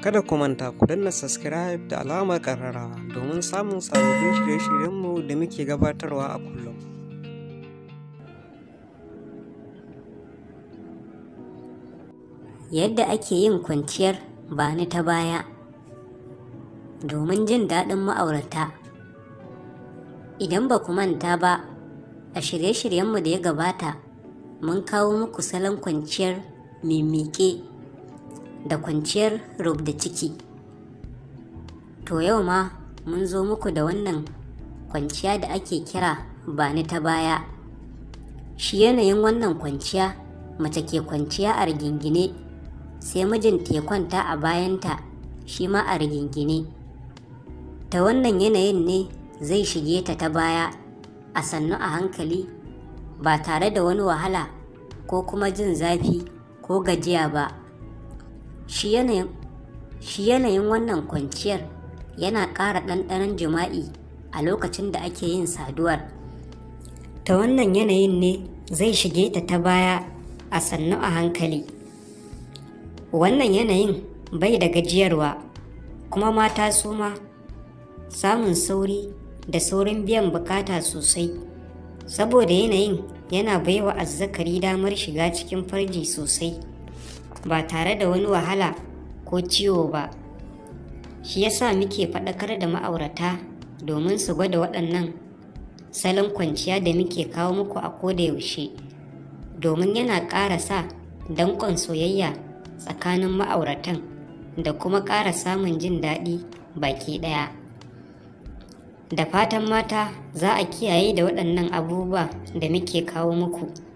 Kada ku manta ku danna subscribe da alamar ƙararrawa domin samun sababbin shirye-shiryenmu da muke gabatarwa a kullum. Yadda ake yin kwanciyar ba ni ta baya domin jin daɗin ma'aurata. Idan ba ku manta ba, a shirye-shiryenmu da ya gabata, mun kawo muku salon kwanciyar mimike. da kwanciyar da ciki to yau ma mun zo muku da wannan kwanciya da ake kira ba ni ta baya shi yanayin wannan kwanciya mace ke kwanciya a rigingine sai mijinta ya kwanta a bayanta shi ma a rigingine ta wannan yanayin ne zai shige ta ta baya a sannu a hankali ba tare da wani wahala ko kuma jin zafi ko gajiya ba shi yanayin wannan kwanciyar yana ƙara ɗanɗanon jima'i a lokacin da ake yin saduwar ta wannan yanayin ne zai shige ta ta baya a sannu a hankali wannan yanayin bai da gajiyarwa kuma mata su ma samun sauri da saurin biyan bukata sosai saboda yanayin yana baiwa azzakari damar shiga cikin farji sosai ba tare da wani wahala ko ciwo ba shi yasa muke faɗakar da ma'aurata domin su gwada waɗannan salon kwanciya da muke kawo muku a koda yaushe domin yana ƙara sa danƙon soyayya tsakanin ma'auratan da kuma ƙara samun jin daɗi baki ɗaya da fatan mata za a kiyaye da waɗannan abubuwa da muke kawo muku.